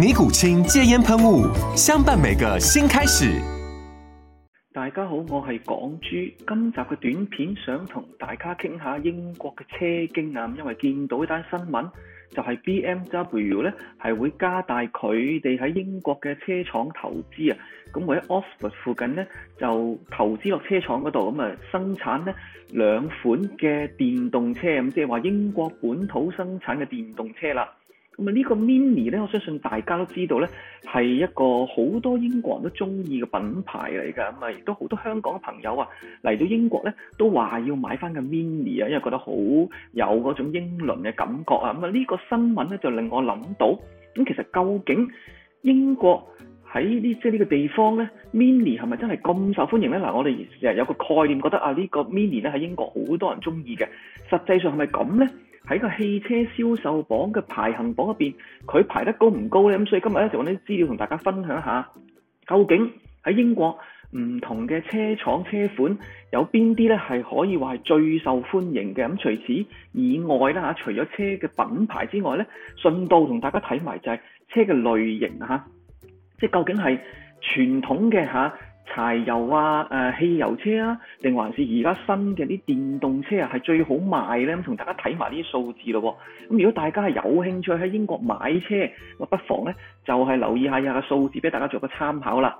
尼古清戒煙噴霧，相伴每個新開始。大家好，我係港豬。今集嘅短片想同大家傾下英國嘅車經啊，因為見到呢單新聞，就係 BMW 咧係會加大佢哋喺英國嘅車廠投資啊。咁喺 Oxford 附近咧就投資落車廠嗰度，咁啊生產咧兩款嘅電動車啊，咁即係話英國本土生產嘅電動車啦。咁啊，呢個 mini 咧，我相信大家都知道咧，係一個好多英國人都中意嘅品牌嚟㗎。咁啊，亦都好多香港嘅朋友啊嚟到英國咧，都話要買翻個 mini 啊，因為覺得好有嗰種英倫嘅感覺啊。咁啊，呢個新聞咧就令我諗到，咁其實究竟英國喺呢即係呢個地方咧，mini 係咪真係咁受歡迎呢？嗱，我哋成日有個概念，覺得啊呢個 mini 咧喺英國好多人中意嘅。實際上係咪咁呢？喺個汽車銷售榜嘅排行榜入邊，佢排得高唔高呢？咁所以今日咧就揾啲資料同大家分享一下，究竟喺英國唔同嘅車廠車款有邊啲咧係可以話係最受歡迎嘅？咁除此以外啦，嚇，除咗車嘅品牌之外呢，順道同大家睇埋就係車嘅類型嚇。即究竟係傳統嘅嚇柴油啊、誒汽油車啊，定還是而家新嘅啲電動車啊，係最好賣呢？咁同大家睇埋呢啲數字咯。咁如果大家係有興趣喺英國買車，不妨呢就係、是、留意一下以下嘅數字，俾大家做個參考啦。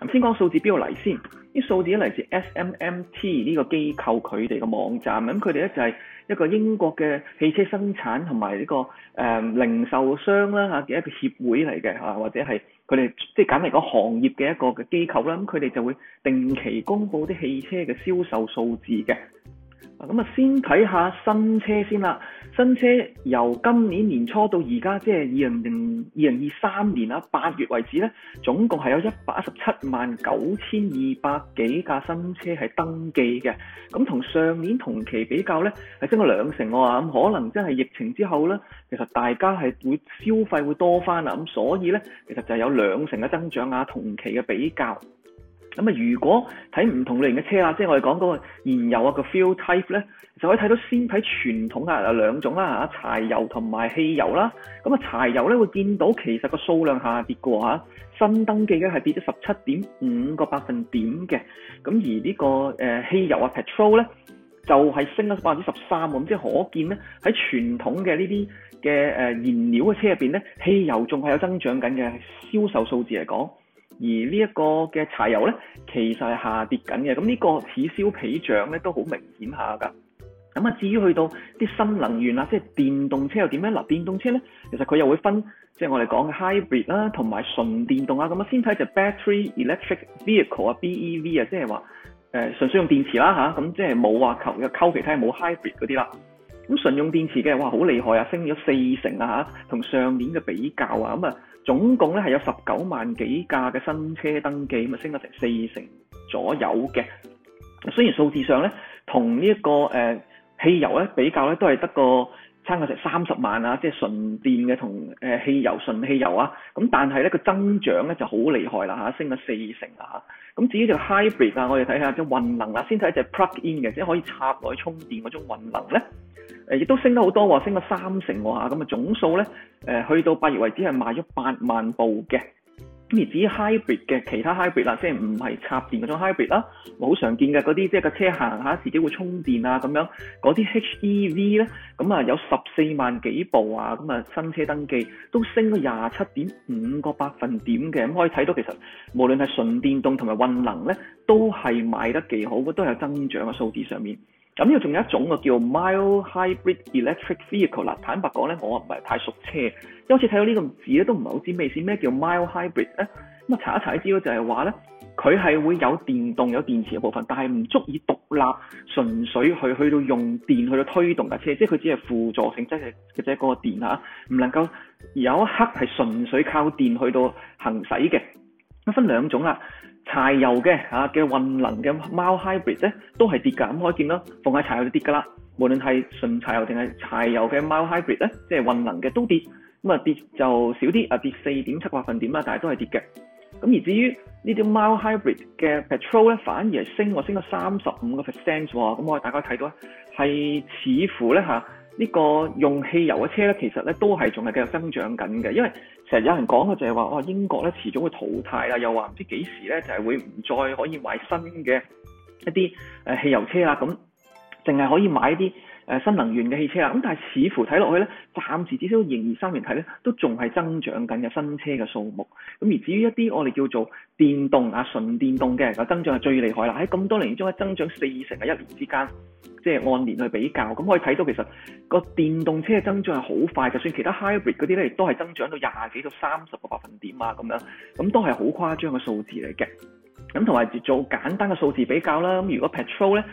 咁先講數字邊嚟先，啲數字咧嚟自 S M M T 呢個機構，佢哋嘅網站咁佢哋呢就係一個英國嘅汽車生產同埋呢個誒零售商啦嚇嘅一個協會嚟嘅嚇，或者係。佢哋即係揀嚟個行業嘅一個嘅機構啦，咁佢哋就會定期公布啲汽車嘅銷售數字嘅。啊，咁啊，先睇下新車先啦。新車由今年年初到而家，即係二零零二零二三年啦，八月為止咧，總共係有一百一十七萬九千二百幾架新車係登記嘅。咁同上年同期比較咧，係升咗兩成喎。咁可能真係疫情之後咧，其實大家係會消費會多翻啦。咁所以咧，其實就有兩成嘅增長啊，同期嘅比較。咁啊，如果睇唔同類型嘅車啊，即係我哋講嗰個燃油啊，個 fuel type 咧，就可以睇到，先睇傳統啊兩種啦吓，柴油同埋汽油啦。咁啊，柴油咧會見到其實個數量下跌過吓，新登記咧係跌咗十七點五個百分點嘅。咁而呢個誒汽油啊 petrol 咧，就係升咗百分之十三咁，即係可見咧喺傳統嘅呢啲嘅誒燃料嘅車入邊咧，汽油仲係有增長緊嘅銷售數字嚟講。而呢一個嘅柴油咧，其實係下跌緊嘅。咁、這、呢個此消彼長咧，都好明顯下㗎。咁啊，至於去到啲新能源啦，即係電動車又點咧？嗱，電動車咧，其實佢又會分，即係我哋講嘅 hybrid 啦，同埋純電動啊。咁啊，先睇就是 battery electric vehicle 啊，BEV 啊，即係話誒純粹用電池啦吓，咁、啊、即係冇話求其溝其他冇 hybrid 嗰啲啦。咁純用電池嘅，哇，好厲害啊，升咗四成啊，嚇，同上年嘅比較啊，咁啊，總共咧係有十九萬幾架嘅新車登記，咁啊，升咗成四成左右嘅。雖然數字上咧，同呢一個誒、呃、汽油咧比較咧，都係得個，差個成三十萬啊，即係純電嘅同誒汽油純汽油啊，咁但係咧個增長咧就好厲害啦嚇、啊，升咗四成啊嚇，咁、啊、至於只 hybrid 啊，我哋睇下即係混能啦、啊，先睇隻 plug in 嘅，即係可以插落去充電嗰種混能咧，誒、呃、亦都升得好多喎、啊，升咗三成喎咁啊，啊、嗯、總數咧誒去到八月為止係賣咗八萬部嘅。咁而至於 hybrid 嘅其他 hybrid 啦，即係唔係插電嗰種 hybrid 啦，好常見嘅嗰啲即係個車行下自己會充電啊咁樣，嗰啲 HEV 咧，咁啊有十四萬幾部啊，咁啊新車登記都升咗廿七點五個百分點嘅，咁可以睇到其實無論係純電動同埋運能咧，都係賣得幾好，都係有增長嘅數字上面。咁要仲有一種叫 mild hybrid electric vehicle 啦。坦白講咧，我唔係太熟車，有次睇到呢個字咧都唔係好知咩意思。咩叫 mild hybrid 咧？咁啊查一查知道就係話咧，佢係會有電動有電池嘅部分，但係唔足以獨立純粹去去到用電去到推動架車，即係佢只係輔助性質嘅，嘅啫個電吓，唔能夠有一刻係純粹靠電去到行駛嘅。咁分兩種啦。柴油嘅嚇嘅混能嘅 Mild hybrid 咧都係跌㗎，咁可以見啦，凡係柴油就跌㗎啦。無論係純柴油定係柴油嘅 Mild hybrid 咧，即係混能嘅都跌。咁、嗯、啊跌就少啲啊，跌四點七個百分點啊，但係都係跌嘅。咁而至於呢啲 Mild hybrid 嘅 petrol 咧，反而係升喎，我升咗三十五個 percent 喎。咁我哋大家睇到咧，係似乎咧嚇。啊呢個用汽油嘅車咧，其實咧都係仲係繼續增長緊嘅，因為成日有人講嘅就係話，哇！英國咧遲早會淘汰啦，又話唔知幾時咧就係會唔再可以買新嘅一啲誒汽油車啦，咁淨係可以買一啲。誒新能源嘅汽車啊，咁但係似乎睇落去呢，暫時至少二三年睇呢，都仲係增長緊嘅新車嘅數目。咁而至於一啲我哋叫做電動啊、純電動嘅，個增長係最厲害啦！喺咁多年之中，增長四成啊，一年之間，即係按年去比較，咁可以睇到其實個電動車嘅增長係好快，就算其他 hybrid 嗰啲呢，都係增長到廿幾到三十個百分點啊咁樣，咁都係好誇張嘅數字嚟嘅。咁同埋做簡單嘅數字比較啦，咁如果 petrol 咧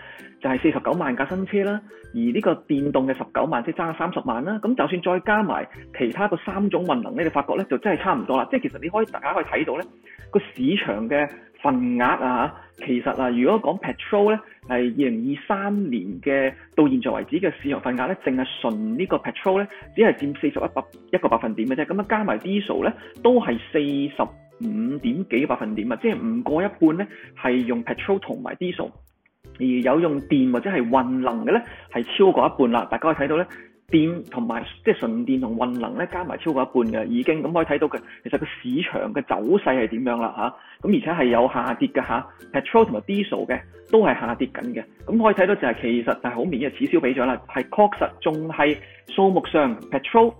就係四十九萬架新車啦，而呢個電動嘅十九萬即係爭三十萬啦，咁就算再加埋其他個三種混能咧，你發覺咧就真係差唔多啦。即係其實你可以大家可以睇到咧，個市場嘅份額啊，其實啊，如果講 petrol 咧係二零二三年嘅到現在為止嘅市場份額咧，淨係純個呢個 petrol 咧只係佔四十一百一個百分點嘅啫，咁啊加埋 diesel 咧都係四十。五點幾百分點啊！即係唔過一半咧，係用 petrol 同埋 diesel，而有用電或者係混能嘅咧，係超過一半啦。大家可以睇到咧，電同埋即係純電同混能咧，加埋超過一半嘅已經咁可以睇到嘅。其實個市場嘅走勢係點樣啦嚇？咁、啊、而且係有下跌嘅吓、啊、petrol 同埋 diesel 嘅都係下跌緊嘅。咁可以睇到就係、但係、其實係好明顯嘅此消彼長啦，係確實仲係數目上 petrol。petrol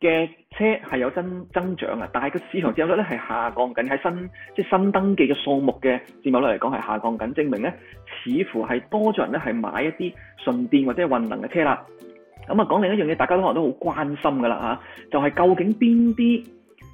嘅車係有增增長啊，但係個市場佔有率咧係下降緊，喺新即係新登記嘅數目嘅佔有率嚟講係下降緊，證明咧似乎係多咗人咧係買一啲純電或者混能嘅車啦。咁啊講另一樣嘢，大家都可能都好關心㗎啦嚇，就係、是、究竟邊啲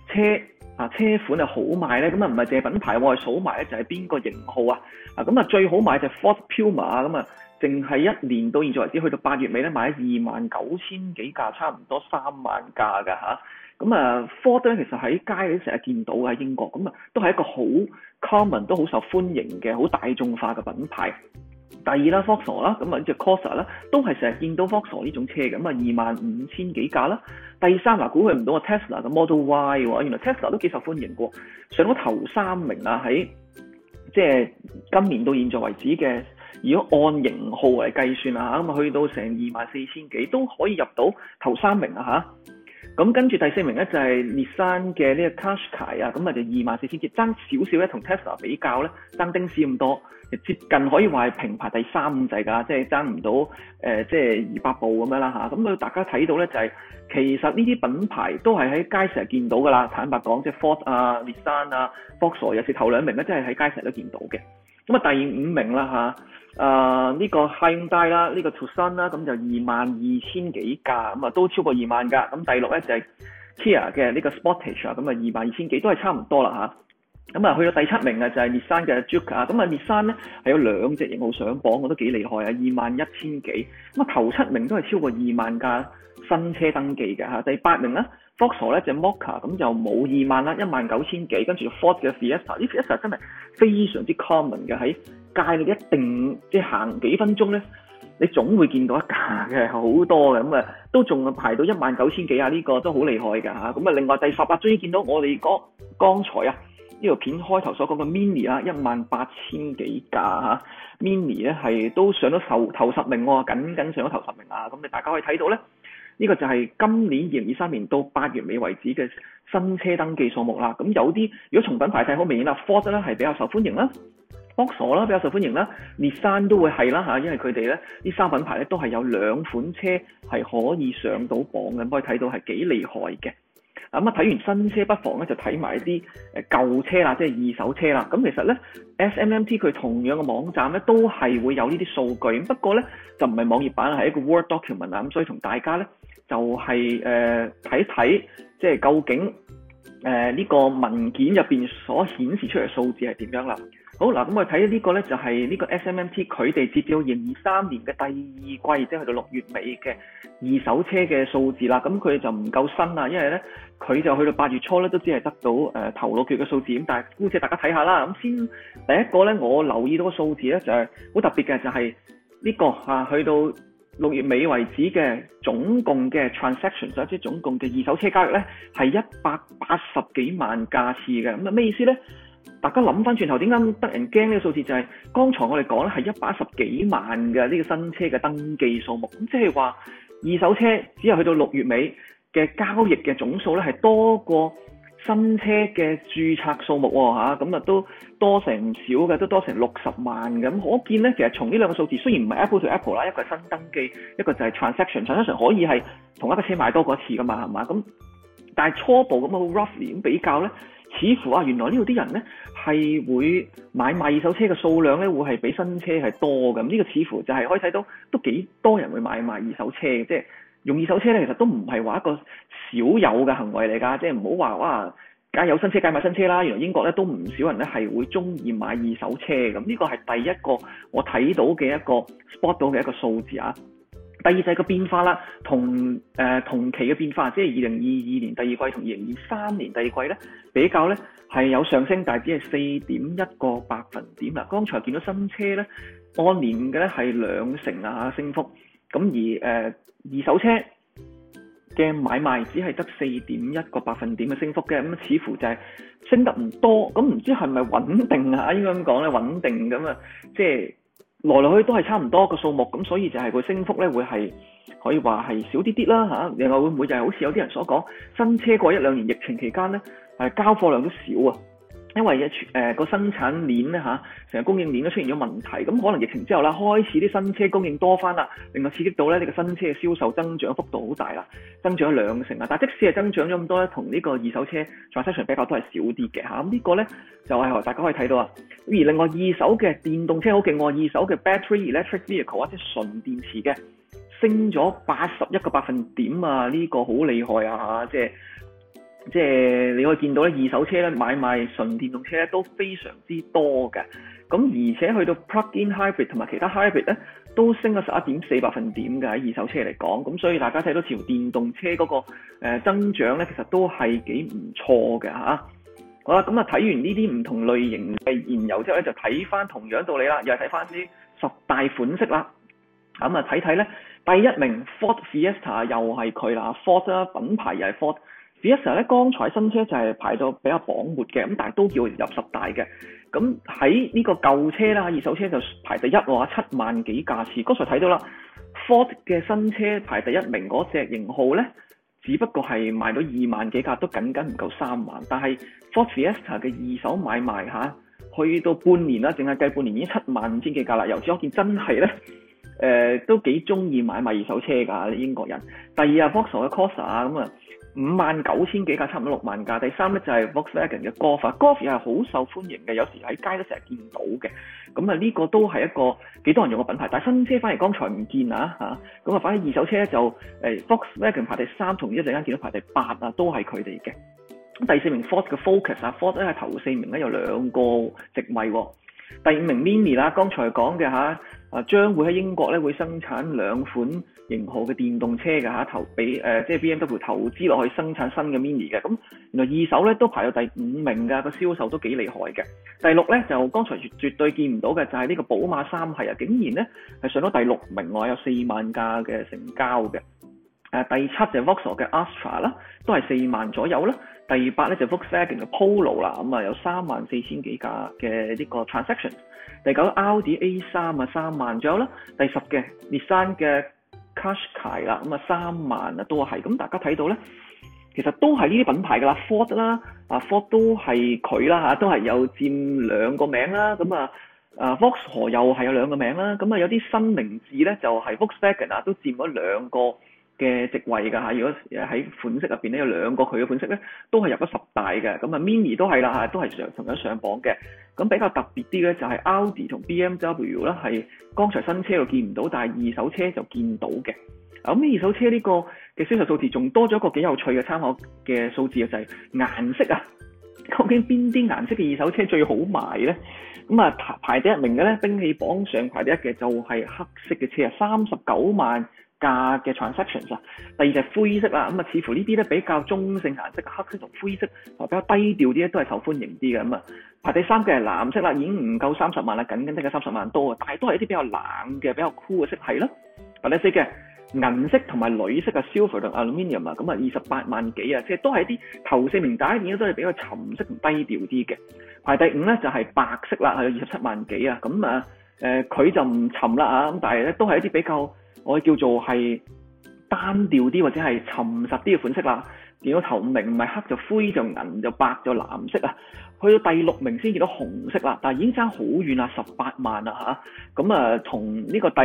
車啊車款係好賣咧？咁啊唔係淨係品牌，我係數埋咧就係、是、邊個型號啊？啊咁啊最好賣就係 Ford Puma 啊。咁啊。淨係一年到現在為止，去到八月尾咧買咗二萬九千幾架，差唔多三萬架㗎嚇。咁啊，Ford 咧其實喺街咧成日見到喺英國，咁啊都係一個好 common 都好受歡迎嘅好大眾化嘅品牌。第二啦，Vauxhall 啦，咁啊，呢隻 Corsa 啦，都係成日見到 Vauxhall 呢種車嘅。咁啊，二萬五千幾架啦。第三啊，估佢唔到啊 Tesla 嘅 Model Y 喎，原來 Tesla 都幾受歡迎喎。上到頭三名啊，喺即係今年到現在為止嘅。如果按型號嚟計算啊，咁啊去到成二萬四千幾都可以入到頭三名啊嚇。咁跟住第四名咧就係 Nissan 嘅呢個 Qashqai 啊，咁啊就二萬四千幾，爭少少咧同 Tesla 比較咧爭丁士咁多，接近可以話係平排第三咁滯噶，即係爭唔到誒即係二百部咁樣啦嚇。咁啊大家睇到咧就係、是、其實呢啲品牌都係喺街成日見到噶啦，坦白講即係 Ford 啊、Nissan 啊、Vauxhall 啊，有時頭兩名咧，即係喺街成日都見到嘅。咁啊第五名啦嚇，啊呢、這個 Hyundai 啦、嗯，呢個 Tucson 啦，咁就二萬二千幾架，咁、嗯、啊都超過二萬架。咁、嗯、第六咧就係、是、Kia 嘅呢、這個 Sportage、嗯、22，啊，咁啊二萬二千幾都係差唔多啦嚇。咁啊去到第七名啊就係 Nissan 嘅 Juke 啊，咁啊 Nissan 咧係有兩隻型號上榜，我都幾厲害啊，二萬一千幾。咁、嗯、啊頭七名都係超過二萬架新車登記嘅嚇、啊。第八名咧。Focus 咧就 Mokka 咁就冇二萬啦，一萬九千幾，跟住 Ford 嘅 Fiesta，Fiesta 真係非常之 common 嘅，喺街你一定即係行幾分鐘咧，你總會見到一架嘅，好多嘅，咁啊都仲排到一萬九千幾啊呢個都好厲害㗎嚇，咁啊另外第十終於見到我哋剛剛才啊呢條片開頭所講嘅 Mini 啦，一萬八千幾架吓，Mini 咧係都上到頭,頭十名喎，僅僅上到頭十名啊，咁你大家可以睇到咧。呢、這個就係今年二零二三年到八月尾為止嘅新車登記數目啦。咁有啲，如果從品牌睇，好明顯啦，Ford 咧係比較受歡迎啦 Vauxhall 啦比較受歡迎啦，Nissan 都會係啦吓，因為佢哋咧啲三品牌咧都係有兩款車係可以上到榜嘅，可以睇到係幾厲害嘅。咁啊，睇完新車，不妨咧就睇埋一啲誒舊車啦，即係二手車啦。咁、啊、其實咧，SMMT 佢同樣嘅網站咧都係會有呢啲數據，不過咧就唔係網頁版，係一個 Word document 啊。咁所以同大家咧。就係誒睇睇，即、呃、係、就是、究竟誒呢、呃這個文件入邊所顯示出嚟嘅數字係點樣啦？好嗱，咁我睇呢個呢，就係、是、呢個 SMMT 佢哋接至到二三年嘅第二季，即係去到六月尾嘅二手車嘅數字啦。咁佢就唔夠新啊，因為呢，佢就去到八月初呢，都只係得到誒、呃、頭攞缺嘅數字咁。但係，姑且大家睇下啦。咁先第一個呢，我留意到個數字呢，就係、是、好特別嘅，就係、是、呢、這個嚇、啊、去到。六月尾為止嘅總共嘅 transaction，或者總共嘅二手車交易呢，係一百八十幾萬架次嘅。咁啊，咩意思呢？大家諗翻轉頭，點解得人驚呢個數字、就係？就係剛才我哋講呢係一百十幾萬嘅呢、這個新車嘅登記數目。咁即係話，二手車只係去到六月尾嘅交易嘅總數呢，係多過新車嘅註冊數目喎。咁啊，都多成唔少嘅，都多成六十萬咁。可見咧，其實從呢兩個數字，雖然唔係 Apple to Apple 啦，一個係新登記，一個就係 transaction，transaction 可以係同一個車買多過一次噶嘛，係嘛？咁但係初步咁樣好 roughly 咁比較咧，似乎啊，原來呢度啲人咧係會買賣二手車嘅數量咧，會係比新車係多咁，呢個似乎就係可以睇到都幾多人會買賣二手車嘅，即係。用二手車咧，其實都唔係話一個少有嘅行為嚟㗎，即係唔好話哇，梗有新車梗買新車啦。原來英國咧都唔少人咧係會中意買二手車咁，呢個係第一個我睇到嘅一個 spot 到嘅一個數字啊。第二就係個變化啦，同誒、呃、同期嘅變化，即係二零二二年第二季同二零二三年第二季咧比較咧係有上升，但係只係四點一個百分點啦。剛才見到新車咧，按年嘅咧係兩成啊升幅。咁而誒、呃、二手車嘅買賣只係得四點一個百分點嘅升幅嘅，咁似乎就係升得唔多，咁唔知係咪穩定啊？應該咁講咧，穩定咁啊，即係來來去都係差唔多個數目，咁所以就係個升幅咧會係可以話係少啲啲啦嚇。另外會唔會就係、是、好似有啲人所講，新車過一兩年疫情期間咧，誒、啊、交貨量都少啊？因為誒個、呃、生產鏈咧嚇，成、啊、日供應鏈都出現咗問題，咁、嗯、可能疫情之後啦，開始啲新車供應多翻啦，另外刺激到咧呢個新車嘅銷售增長幅度好大啦，增長兩成啊！但即使係增長咗咁多咧，同呢個二手車在市場比較都係少啲嘅嚇。咁、啊這個、呢個咧就係、是、大家可以睇到啊。而另外二手嘅電動車好勁喎，二手嘅 battery electric vehicle 或者純電池嘅升咗八十一個百分點啊！呢、這個好厲害啊，即係。即係你可以見到咧，二手車咧買賣純電動車咧都非常之多嘅。咁而且去到 plug-in hybrid 同埋其他 hybrid 咧，都升咗十一點四百分點嘅喺二手車嚟講。咁所以大家睇到似乎電動車嗰個誒增長咧，其實都係幾唔錯嘅嚇。好啦，咁啊睇完呢啲唔同類型嘅燃油之後咧，就睇返同樣道理啦，又係睇返啲十大款式啦。咁啊睇睇咧，第一名 Ford Fiesta 又係佢啦，Ford 品牌又係 Ford。Fiesta 咧，剛才新車就係排到比較榜末嘅，咁但係都叫入十大嘅。咁喺呢個舊車啦，二手車就排第一喎，七萬幾架次。剛才睇到啦，Ford 嘅新車排第一名嗰隻型號咧，只不過係賣到二萬幾架，都僅僅唔夠三萬。但係 Ford Fiesta 嘅二手買賣嚇，去到半年啦，淨係計半年已經七萬五千幾架啦。由此可見，真係咧，誒都幾中意買賣二手車㗎英國人。第二啊 Vauxhall 嘅 Corsa 啊，咁啊～五萬九千幾架，差唔多六萬架。第三呢就係 Volkswagen 嘅 Golf，Golf 又係好受歡迎嘅，有時喺街都成日見到嘅。咁啊，呢個都係一個幾多人用嘅品牌。但係新車反而，剛才唔見啊嚇。咁啊，反而二手車咧就誒 Volkswagen 排第三，同一陣間見到排第八啊，都係佢哋嘅。第四名 Ford 嘅 Focus 啊，Ford 咧係頭四名咧有兩個席位喎、啊。第五名 Mini 啦、啊，剛才講嘅嚇。啊啊，將會喺英國咧會生產兩款型號嘅電動車嘅嚇，投俾誒、呃、即係 BMW 投資落去生產新嘅 Mini 嘅。咁原來二手咧都排到第五名㗎，個銷售都幾厲害嘅。第六咧就剛才絕絕對見唔到嘅，就係、是、呢個寶馬三系啊，竟然咧係上咗第六名，我有四萬架嘅成交嘅。誒第七就 Vauxhall 嘅 Astra 啦，都係四萬左右啦。第八咧就 Volkswagen 嘅 Polo 啦，咁啊有三萬四千幾架嘅呢個 transaction 第 A3。第九 Audi A 三啊，三萬，仲有咧第十嘅 Nissan 嘅 Qashqai 啦，咁啊三萬啊都係咁。大家睇到咧，其實都係呢啲品牌噶啦，Ford 啦，啊 Ford 都係佢啦嚇，都係有佔兩個名啦。咁啊啊 Vauxhall 又係有兩個名啦。咁啊有啲新名字咧就係 Volkswagen 啊，都佔咗兩個。嘅席位㗎嚇，如果喺款式入邊呢，有兩個佢嘅款式呢，都係入咗十大嘅，咁啊 mini 都係啦嚇，都係上同樣上榜嘅。咁比較特別啲呢，就係 Audi 同 BMW 呢，係剛才新車又見唔到，但係二手車就見到嘅。咁二手車呢個嘅銷售數字仲多咗一個幾有趣嘅參考嘅數字啊，就係、是、顏色啊，究竟邊啲顏色嘅二手車最好賣呢？咁啊排第一名嘅呢，兵器榜上排第一嘅就係黑色嘅車啊，三十九萬。價嘅 transactions 啊，第二就係灰色啊，咁啊似乎呢啲咧比較中性顏色，黑色同灰色比較低調啲，都係受歡迎啲嘅。咁、嗯、啊排第三嘅係藍色啦，已經唔夠三十萬啦，僅僅得嘅三十萬多啊，但係都係一啲比較冷嘅、比較酷、cool、嘅色係咯、嗯。排第四嘅銀色同埋鋁色嘅 silver 同 aluminium 啊，咁啊二十八萬幾啊，即係都係一啲頭四名已完都係比較沉色同低調啲嘅。排第五咧就係、是、白色啦，係有二十七萬幾啊，咁啊誒佢就唔沉啦啊，咁、嗯、但係咧都係一啲比較。我叫做係單調啲或者係沉實啲嘅款式啦。見到頭五名唔係黑就灰就銀就白就藍色啊。去到第六名先見到紅色啦，但係已經爭好遠啦，十八萬啦吓，咁啊，嗯、同呢個第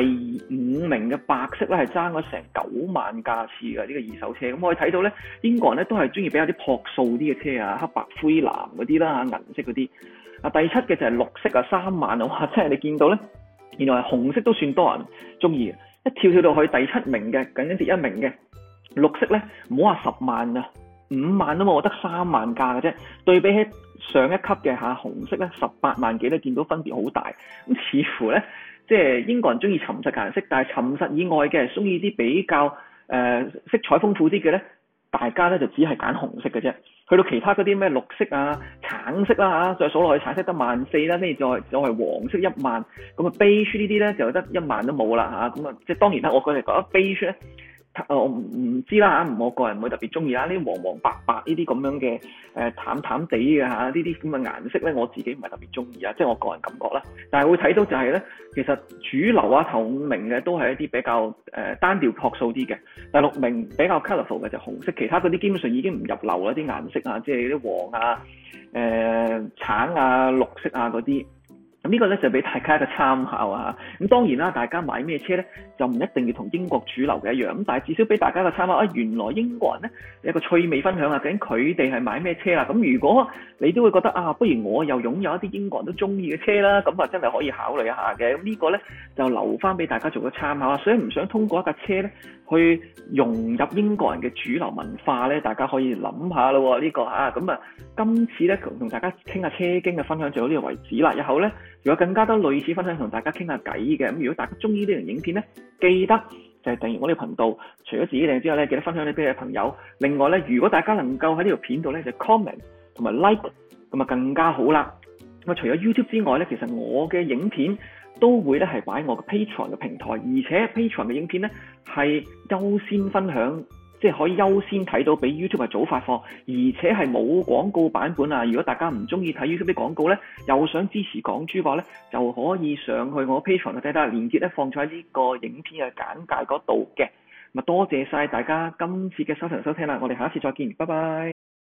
五名嘅白色咧係爭咗成九萬架次嘅呢、這個二手車。咁、嗯、我哋睇到咧，英國人咧都係中意比較啲樸素啲嘅車啊，黑白灰藍嗰啲啦嚇，銀色嗰啲。啊，第七嘅就係綠色啊，三萬啊，哇！即係你見到咧，原來紅色都算多人中意。喜歡一跳跳到去第七名嘅，僅僅跌一名嘅。綠色呢，唔好話十萬啊，五萬都冇，得三萬架嘅啫。對比起上一級嘅嚇紅色呢，十八萬幾呢，見到分別好大。咁似乎呢，即係英國人中意沉實顏色，但係沉實以外嘅，中意啲比較誒、呃、色彩豐富啲嘅呢，大家呢就只係揀紅色嘅啫。去到其他嗰啲咩綠色啊、橙色啦、嚇、再數落去橙色得萬四啦，跟住再再係黃色一萬，咁啊 beige 呢啲咧就得一萬都冇啦嚇，咁啊即係當然啦，我覺得我覺得 beige 咧，我唔唔知啦嚇，我個人唔會特別中意啦，呢黃黃白白呢啲咁樣嘅誒淡淡地嘅嚇，呢啲咁嘅顏色咧，我自己唔係特別中意啊，即係我個人感覺啦。但係會睇到就係、是、咧，其實主流啊頭五名嘅都係一啲比較誒、呃、單調樸素啲嘅。第六名比較 colourful 嘅就紅色，其他嗰啲基本上已經唔入流啦，啲顏色啊，即係啲黃啊、誒、呃、橙啊、綠色啊嗰啲。咁、這、呢個呢，就俾大家嘅參考啊！咁當然啦，大家買咩車呢，就唔一定要同英國主流嘅一樣。咁但至少俾大家嘅參考啊，原來英國人呢，有個趣味分享啊，究竟佢哋係買咩車啦？咁如果你都會覺得啊，不如我又擁有一啲英國人都中意嘅車啦，咁啊真係可以考慮下嘅。咁、這、呢個呢，就留翻俾大家做個參考啊，所以唔想通過一架車呢，去融入英國人嘅主流文化呢，大家可以諗下咯。呢、這個嚇咁啊，今次呢同大家傾下車經嘅分享就到呢個為止啦。又好呢。如果更加多類似分享同大家傾下偈嘅，咁如果大家中意呢條影片呢，記得就係訂閱我呢個頻道。除咗自己訂之外呢，記得分享俾你嘅朋友。另外呢，如果大家能夠喺呢條影片度呢，就 comment 同埋 like，咁啊更加好啦。咁啊，除咗 YouTube 之外呢，其實我嘅影片都會呢係擺我嘅 Patreon 嘅平台，而且 Patreon 嘅影片呢係優先分享。即係可以優先睇到比 YouTube 係早發放，而且係冇廣告版本啊！如果大家唔中意睇 YouTube 啲廣告呢，又想支持港豬嘅話呢，就可以上去我 Patreon 度睇得，連結咧放喺呢個影片嘅簡介嗰度嘅。咁多謝晒大家今次嘅收，收聽收聽啦，我哋下一次再見，拜拜。